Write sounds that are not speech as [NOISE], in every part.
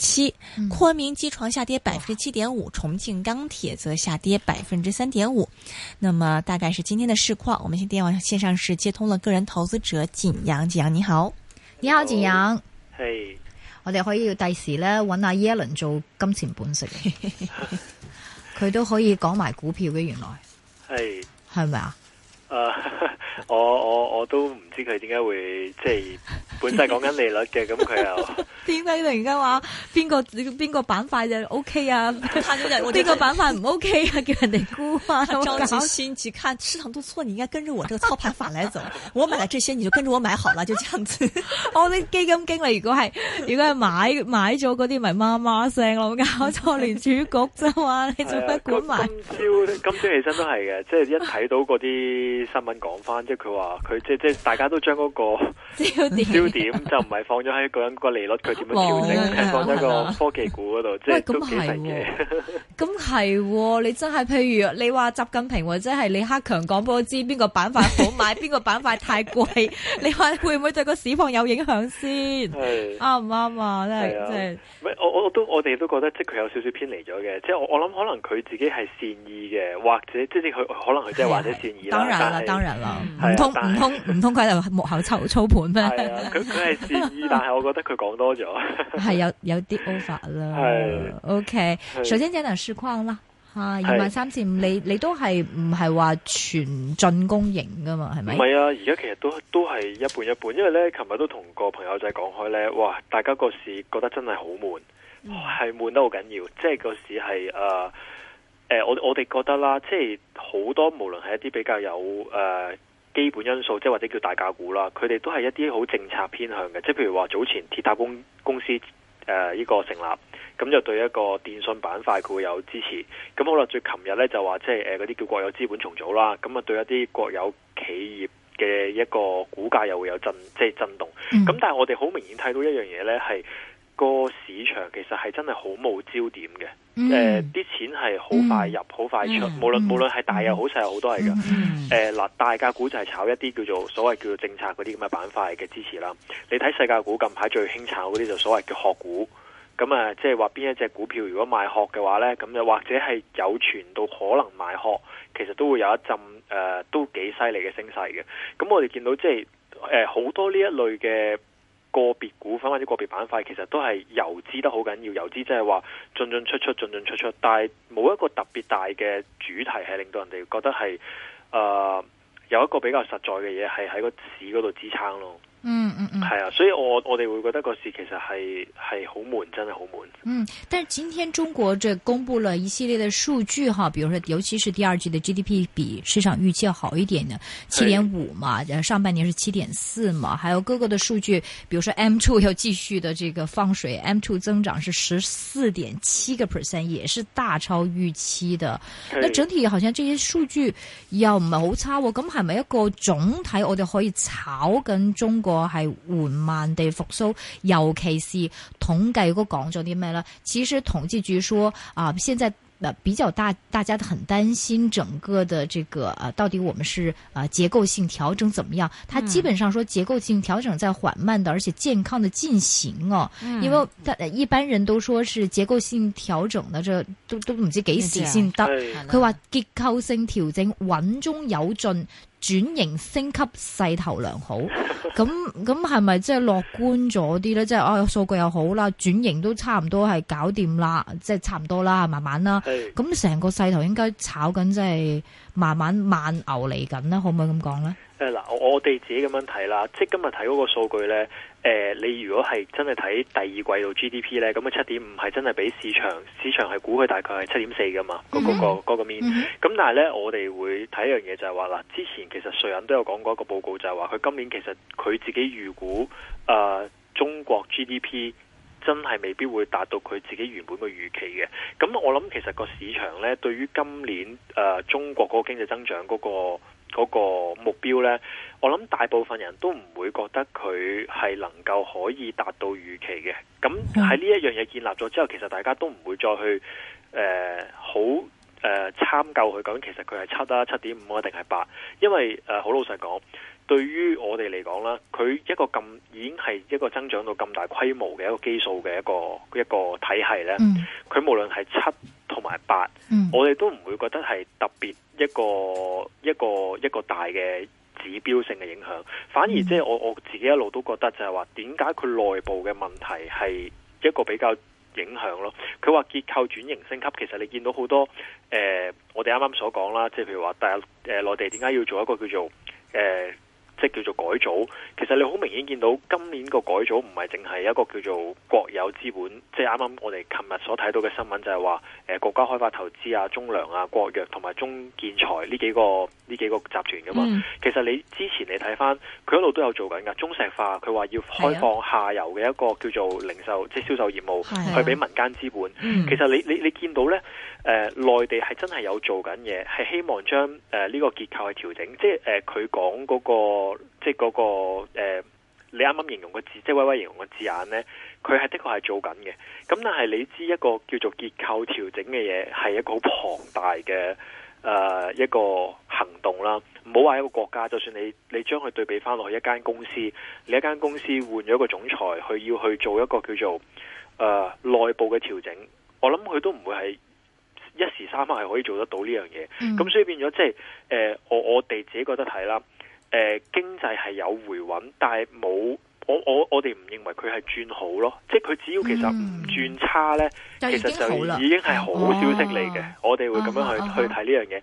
七，昆、嗯嗯、明機床下跌百分之七點五，重慶鋼鐵則下跌百分之三點五，那麼大概是今天的市況。我們先電話線上是接通了個人投資者景羊，景羊你好，你好景羊，係，Hey. 我哋可以要第時咧搵阿 Yellen 做金錢本色，佢 [LAUGHS] 都可以講埋股票嘅原來，係 Hey. 吧，係咪啊？啊，我我我都唔。佢點解會即係本身係講緊利率嘅？咁佢又點解突然間話邊個邊個板塊就 O K 啊？邊個板塊唔 O K 啊？叫人哋估啊？着急心急，看市場都錯，你應該跟住我這個操盤法嚟走。我買咗這些，你就跟住我買好了，就這樣子。我啲基金經理如果係如果係買買咗嗰啲，咪媽媽聲咯，搞錯連主角啫嘛？你做咩管埋。今朝起身都係嘅，即係一睇到嗰啲新聞講翻，即係佢話佢即即大家。都將嗰個焦點焦點，就唔係放咗喺一個人個利率佢點樣調整，係放咗個科技股嗰度，即係咁幾嘅。咁係，你真係譬如你話習近平，或者係李克強講，幫我知邊個板塊好買，邊個板塊太貴。你話會唔會對個市況有影響先？啱唔啱啊？真係真係。我我都我哋都覺得，即係佢有少少偏離咗嘅。即係我我諗，可能佢自己係善意嘅，或者即係可能佢真係或者善意。當然啦，當然啦，唔通唔通唔通佢。就幕後抽操操盤咩？佢佢係善意但係我覺得佢講多咗。係、 [LAUGHS] 哎、有有啲 over 啦。係 OK，首先只能輸框啦，吓二萬三千五，你你都係唔係話全進攻型㗎嘛？係咪？唔係啊，而家其實都係都係一半一半，因為咧，琴日都同個朋友仔講開咧，哇，大家個市覺得真係好悶，係悶、嗯、得好緊要，即係個市係誒誒，我我哋覺得啦，即係好多，無論係一啲比較有誒。呃基本因素，即係或者叫大價股啦，佢哋都係一啲好政策偏向嘅，即係譬如話早前鐵塔公公司誒呢、呃呢個成立，咁就對一個電信板塊佢會有支持。咁好啦，最琴日咧就話即係誒嗰啲叫國有資本重組啦，咁啊對一啲國有企業嘅一個股價又會有震即係、就是、震動。咁、嗯、但係我哋好明顯睇到一樣嘢咧係。個市場其實係真係好冇焦點嘅，誒啲、嗯呃、錢係好快入，好、嗯、快出，無論、嗯、無論係大又好細又好多係嘅。誒嗱、嗯呃，大價股就係炒一啲叫做所謂叫做政策嗰啲咁嘅板塊嘅支持啦。你睇世界股近排最興炒嗰啲就所謂叫殼股，咁、呃、啊即係話邊一隻股票如果賣殼嘅話呢，咁又或者係有傳到可能賣殼，其實都會有一陣誒、呃、都幾犀利嘅聲勢嘅。咁、呃、我哋見到即係誒好多呢一類嘅。個別股份或者個別板塊其實都係游資得好緊要，游資即係話進進出出、進進出出，但係冇一個特別大嘅主題係令到人哋覺得係誒、呃、有一個比較實在嘅嘢係喺個市嗰度支撐咯。嗯嗯嗯，係、嗯、啊，所以我我哋會覺得個市其實係係好悶，真係好悶。嗯，但係今天中國就公布了一系列的數據哈，比如說尤其是第二季的 GDP 比市場預期要好一點嘅七點五嘛，是上半年是七點四嘛，還有各個的數據，比如說 M two 要繼續的這個放水，M two 增長是十四點七個 percent，也是大超預期的。是那整體好像這些數據又唔係好差，我咁係咪一個總體我哋可以炒緊中國？個係緩慢地復甦，尤其是統計哥講咗啲咩呢？其實統計局說啊、呃，現在、呃、比較大，大家都很擔心整個的這個、呃、到底我們是啊、呃、結構性調整怎麼樣？他基本上說結構性調整在緩慢的，而且健康的進行哦。因為、嗯、因為一般人都說是結構性調整的，這都都唔知幾時先得到。佢話結構性調整穩中有進。轉型升級勢頭良好，咁咁係咪即係樂觀咗啲咧？即係 [LAUGHS] 哦，數據又好啦，轉型都差唔多係搞掂啦，即係差唔多啦，慢慢啦。咁成個勢頭應該炒緊，即係慢慢慢牛嚟緊咧，可唔可以咁講咧？誒嗱、呃，我我哋自己咁樣睇啦，即係今日睇嗰個數據咧。誒、呃，你如果係真係睇第二季度 GDP 呢，咁啊七點五係真係比市場，市場係估佢大概係七點四噶嘛，嗰、嗰個個、mm hmm. 個面。咁、mm hmm. 但係呢，我哋會睇一樣嘢就係話啦，之前其實瑞銀都有講過一個報告就係話，就係話佢今年其實佢自己預估誒、呃、中國 GDP 真係未必會達到佢自己原本嘅預期嘅。咁我諗其實個市場呢，對於今年誒、呃、中國嗰個經濟增長嗰、嗰個。嗰個目標呢，我諗大部分人都唔會覺得佢係能夠可以達到預期嘅。咁喺呢一樣嘢建立咗之後，其實大家都唔會再去、呃、好誒參究佢究竟其實佢係七啊七點五啊定係八？因為好、呃、老實講，對於我哋嚟講啦，佢一個咁已經係一個增長到咁大規模嘅一個基數嘅一個一個體系呢。佢無論係七。同埋八，8，我哋都唔會覺得係特別一個一個一個大嘅指標性嘅影響，反而即係我我自己一路都覺得就係話點解佢內部嘅問題係一個比較影響咯。佢話結構轉型升級，其實你見到好多誒、呃、我哋啱啱所講啦，即係譬如話大誒內地點解要做一個叫做誒。呃即叫做改組，其實你好明顯見到今年個改組唔係淨係一個叫做國有資本，即係啱啱我哋琴日所睇到嘅新聞就係話誒國家開發投資啊、中糧啊、國藥同埋中建材呢幾個呢幾個集團噶嘛。嗯、其實你之前你睇翻佢一路都有做緊噶，中石化佢話要開放下游嘅一個叫做零售是、啊、即係銷售業務、啊、去俾民間資本。嗯、其實你你你見到咧，誒、呃、內地係真係有做緊嘢，係希望將誒呢個結構去調整，即係誒佢講嗰個。即係、那、嗰個誒、呃，你啱啱形容個字，即係威威形容個字眼咧，佢係的確係做緊嘅。咁但係你知一個叫做結構調整嘅嘢，係一個好龐大嘅誒、呃、一個行動啦。唔好話一個國家，就算你你將佢對比翻落去一間公司，你一間公司換咗一個總裁，佢要去做一個叫做誒內、呃、部嘅調整，我諗佢都唔會係一時三刻係可以做得到呢樣嘢。咁、嗯、所以變咗即係誒、呃，我我哋自己覺得睇啦。誒、呃，經濟係有回穩，但係冇我我我哋唔認為佢係轉好咯，即係佢只要其實唔轉差咧，嗯、其實就已經係好消息嚟嘅。啊、我哋會咁樣去、啊啊、去睇呢樣嘢，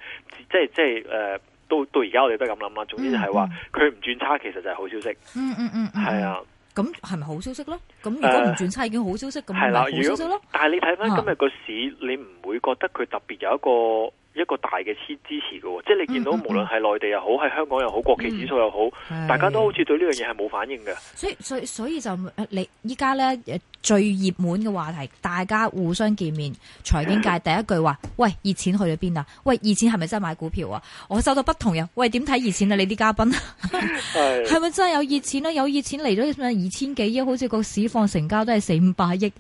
即係即係誒，到到而家我哋都咁諗啦。總之就係話佢唔轉差，其實就係好消息。嗯嗯嗯，係、嗯嗯嗯、啊。咁係咪好消息咯？咁如果唔轉差已經好消息，咁咪好消息、呃、但係你睇翻今日個市，啊、你唔會覺得佢特別有一個？一個大嘅支持嘅喎，即係你見到無論係內地又好，喺、嗯嗯嗯、香港又好，國企指數又好，嗯、大家都好似對呢樣嘢係冇反應嘅。所以所以所以就你依家咧最熱門嘅話題，大家互相見面，財經界第一句話， [LAUGHS] 喂，熱錢去咗邊啊？喂，熱錢係咪真係買股票啊？我收到不同嘅，喂，點睇熱錢啊？你啲嘉賓係咪 [LAUGHS] 是真係有熱錢啊？有熱錢嚟咗咩？二千幾億，好似個市況成交都係四五百億。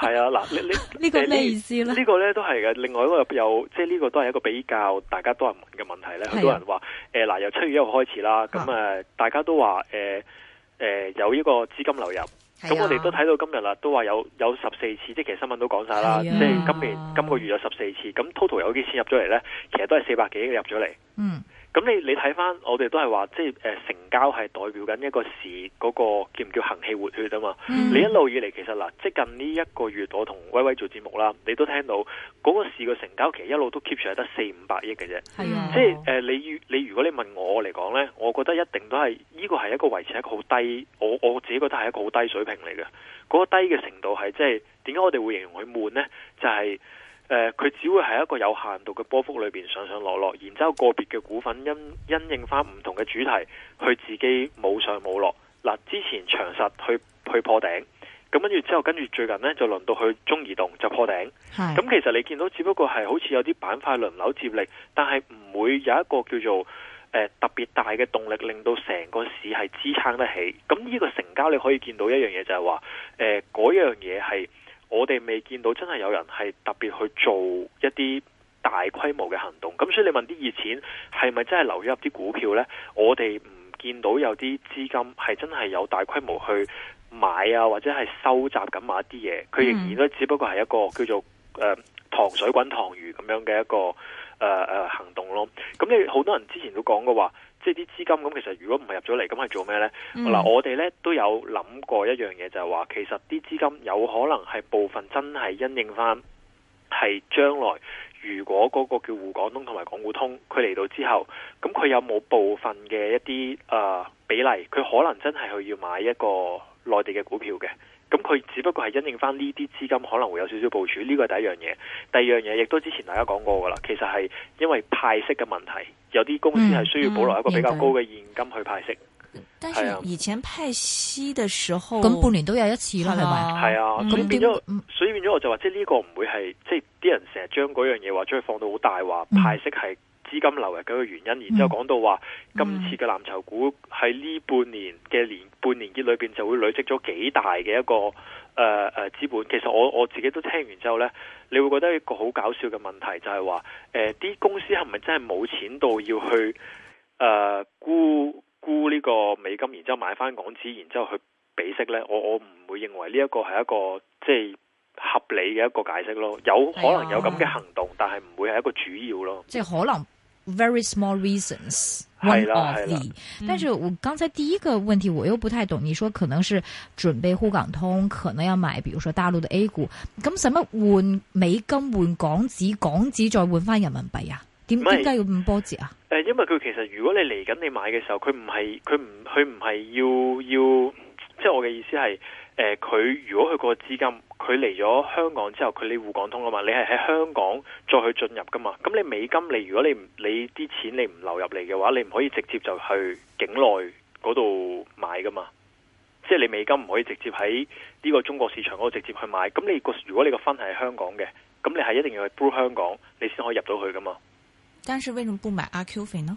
係 [LAUGHS] 啊，嗱，你你呢這個咩、呃、意思咧？這個呢個咧都係嘅，另外一個有，即係呢個都係。一個比較大家都問問、啊、多人問嘅問題咧，好多人話誒，嗱由七月一號開始啦，咁啊，啊大家都話誒誒有呢個資金流入，咁、啊、我哋都睇到今日啦，都話有有十四次，即係其實新聞都講晒啦，啊、即係今年今個月有十四次，咁 total 有幾錢入咗嚟咧？其實都係四百幾億入咗嚟。嗯咁你你睇翻，我哋都係話即係誒、呃，成交係代表緊一個市嗰個叫唔叫行氣活血啊嘛？嗯、你一路以嚟其實嗱，即近呢一個月我同威威做節目啦，你都聽到嗰個市嘅成交其實一路都 keep 住係得四五百億嘅啫。啊、即係誒、呃，你你，你如果你問我嚟講呢，我覺得一定都係呢、這個係一個維持一個好低，我我自己覺得係一個好低水平嚟嘅。嗰、那個低嘅程度係即係點解我哋會形容佢悶呢？就係、是。誒，佢、呃、只會喺一個有限度嘅波幅裏面上上落落，然之後個別嘅股份因因應翻唔同嘅主題，佢自己冇上冇落。嗱、呃，之前長實去去破頂，咁跟住之後跟住最近呢，就輪到去中移動就破頂。咁是、嗯、其實你見到只不過係好似有啲板塊輪流接力，但係唔會有一個叫做、呃、特別大嘅動力令到成個市係支撐得起。咁、嗯、呢、呢個成交你可以見到一樣嘢就係話，誒、呃、嗰樣嘢係。我哋未見到真係有人係特別去做一啲大規模嘅行動，咁所以你問啲熱錢係咪真係流入啲股票呢？我哋唔見到有啲資金係真係有大規模去買啊，或者係收集緊某一啲嘢，佢仍然都只不過係一個叫做、呃、「糖水滾糖魚」咁樣嘅一個、呃呃、行動咯。咁你好多人之前都講過話。即係啲資金咁，其實如果唔係入咗嚟，咁係做咩呢？嗱、嗯，我哋呢都有諗過一樣嘢，就係、是、話其實啲資金有可能係部分真係因應翻，係將來如果嗰個叫滬港通同埋港股通佢嚟到之後，咁佢有冇部分嘅一啲誒、呃、比例，佢可能真係去要買一個內地嘅股票嘅，咁佢只不過係因應翻呢啲資金可能會有少少部署，呢、這個係第一樣嘢。第二樣嘢亦都之前大家講過噶啦，其實係因為派息嘅問題。有啲公司係需要保留一個比較高嘅現金去派息。嗯嗯，但是以前派息嘅時候，咁半年都有一次啦，係咪？係啊，咁變咗，嗯、所以變咗、嗯、我就話，即係呢個唔會係，即係啲人成日將嗰樣嘢話將佢放到好大話，派息係資金流入嘅一個原因，嗯、然之後講到話今次嘅藍籌股喺呢半年嘅年半年結裏邊就會累積咗幾大嘅一個。誒誒、呃，資本，其實我我自己都聽完之後呢，你會覺得一個好搞笑嘅問題就係話，誒、呃、啲公司係咪真係冇錢到要去誒估、呃、沽呢個美金，然之後買翻港紙，然之後去比息呢？我我唔會認為呢一個係一個即係合理嘅一個解釋咯，有可能有咁嘅行動，但係唔會係一個主要咯，即係可能。Very small reasons one of the，但是我剛才第一個問題我又不太懂，你說、嗯、可能是準備滬港通，可能要買，比如說大陸的 A 股，咁使乜換美金換港紙，港紙再換翻人民幣啊？點點解要咁波折啊？誒是，因為佢其實如果你嚟緊你買嘅時候，佢唔係佢唔佢唔係要要，即係我嘅意思係。誒佢、呃、如果佢個資金佢嚟咗香港之後，佢你滬港通啊嘛，你係喺香港再去進入噶嘛，咁你美金你如果你唔你啲錢你唔流入嚟嘅話，你唔可以直接就去境內嗰度買噶嘛，即係你美金唔可以直接喺呢個中國市場嗰度直接去買，咁你個如果你個分係香港嘅，咁你係一定要去 buy 香港，你先可以入到去噶嘛。但是為什麼不買 RQFII 呢？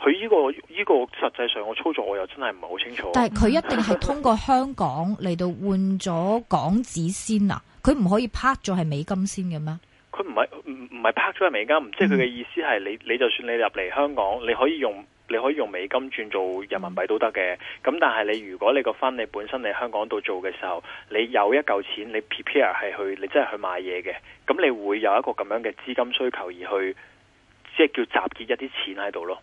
佢呢、個呢、個實際上個操作，我又真係唔係好清楚。但係佢一定係通過香港嚟到換咗港紙先啊！佢唔 [LAUGHS] 可以 pack 咗係美金先嘅咩？佢唔係唔係 pack 咗係美金，即係佢嘅意思係你你就算你入嚟香港，你可以用你可以用美金轉做人民幣都得嘅。咁但係你如果你個分你本身你香港度做嘅時候，你有一嚿錢你 prepare 係去你真係去買嘢嘅，咁你會有一個咁樣嘅資金需求，而去即係、就是、叫集結一啲錢喺度咯。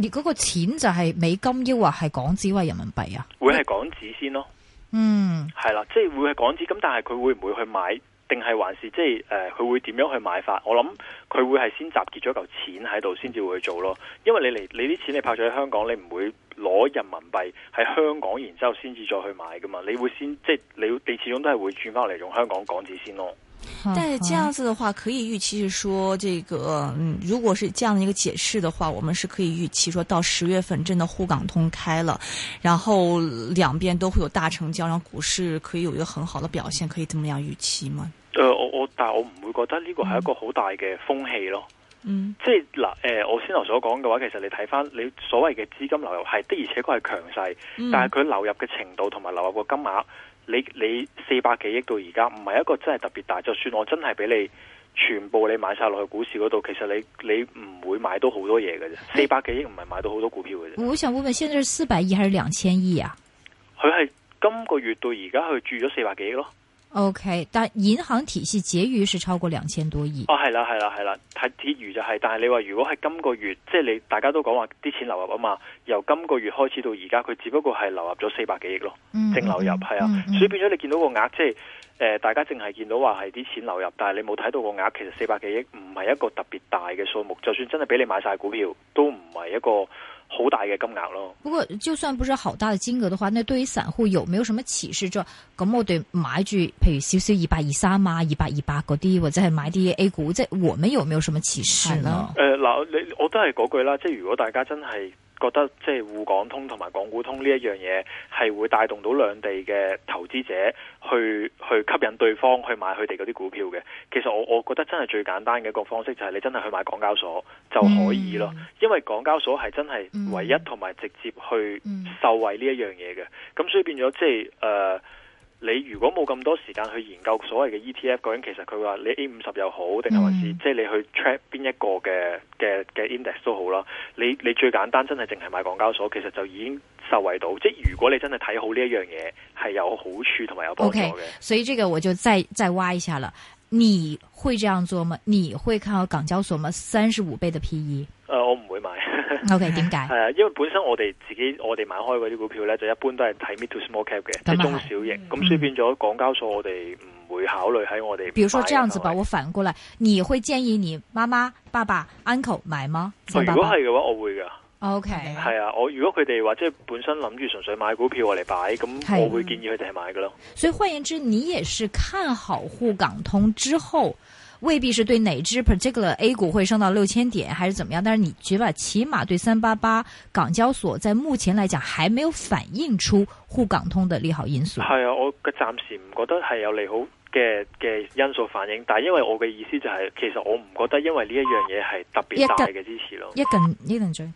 而嗰個錢就係美金，抑或係港紙或人民幣啊？會係港紙先咯。嗯，係啦，即係會係港紙。咁但係佢會唔會去買？定係還是即係誒？佢、呃、會點樣去買法？我諗佢會係先集結咗嚿錢喺度，先至會去做咯。因為你嚟你啲錢你拍咗喺香港，你唔會攞人民幣喺香港，然之後先至再去買噶嘛？你會先即係你你始終都係會轉翻嚟用香港港紙先咯。但係這樣子的話，可以預期是說，這個、嗯，如果是這樣的一個解釋的話，我們是可以預期說到十月份真的滬港通開了，然後兩邊都會有大成交，讓股市可以有一個很好的表現，可以這麼樣預期嗎？呃，我我，但係我唔會覺得呢個係一個好大嘅風氣咯。嗯。即係嗱，誒、呃，我先頭所講嘅話，其實你睇翻你所謂嘅資金流入係的而且確係強勢，嗯、但係佢流入嘅程度同埋流入個金額。你你四百幾億到而家唔係一個真係特別大，就算我真係俾你全部你買晒落去股市嗰度，其實你你唔會買到好多嘢嘅啫。四百幾億唔係買到好多股票嘅啫、嗯。我想問問，現在是四百億還是兩千億啊？佢係今個月到而家去注咗四百幾億咯。O、okay, K，但銀行體系結餘是超過兩千多億。哦，係啦，係啦，係啦，睇結餘就係、是，但係你話如果係今個月，即、就、係、是、你大家都講話啲錢流入啊嘛，由今個月開始到而家，佢只不過係流入咗四百幾億咯，淨流入係、嗯嗯、啊，嗯嗯，所以變咗你見到個額，即係誒，大家淨係見到話係啲錢流入，但係你冇睇到個額，其實四百幾億唔係一個特別大嘅數目，就算真係俾你買晒股票，都唔係一個。好大嘅金額咯。不過就算不是好大嘅金額嘅話，那對於散戶有沒有什麼啟示？即係咁，我哋買住譬如少少二百二三啊，二百二百嗰啲，或者係買啲 A 股，即係我們有沒有什麼啟示呢？誒、呃，嗱、呃，你我都係嗰句啦，即係如果大家真係。覺得即係滬港通同埋港股通呢一樣嘢係會帶動到兩地嘅投資者去去吸引對方去買佢哋嗰啲股票嘅。其實我我覺得真係最簡單嘅一個方式就係你真係去買港交所就可以咯，嗯、因為港交所係真係唯一同埋、嗯、直接去受惠呢一樣嘢嘅。咁所以變咗即係誒。呃你如果冇咁多時間去研究所謂嘅 ETF 嗰陣，其實佢話你 A 五十又好，定係還是，還是、嗯、即係你去 track 邊一個嘅嘅嘅 index 都好啦。你你最簡單真係淨係買港交所，其實就已經受惠到。即係如果你真係睇好呢一樣嘢，係有好處同埋有幫助嘅。Okay, 所以這個我就再再挖一下啦。你會這樣做嗎？你會看好港交所嗎？三十五倍的 PE？誒、呃，我唔會買。O K. 點解？係、okay, 啊，因為本身我哋自己我哋買開嗰啲股票咧，就一般都係睇 mid to small cap 嘅，即係中小型。咁、嗯、所以變咗港交所，我哋唔會考慮喺我哋。比如說，這樣子吧，我反過來，你會建議你媽媽、爸爸、uncle 買嗎？爸爸如果係嘅話，我會噶。O K. 係啊，我如果佢哋話即係本身諗住純粹買股票嚟擺，咁我會建議佢哋買嘅咯。所以換言之，你也是看好滬港通之後。未必是對哪支 particular A 股會升到六千點還是怎麼樣，但是你覺得起碼對三八八港交所在目前來講，還沒有反映出滬港通的利好因素。係啊，我嘅暫時唔覺得係有利好嘅嘅因素反映，但係因為我嘅意思就係、是，其實我唔覺得因為呢一樣嘢係特別大嘅支持咯。一近一輪再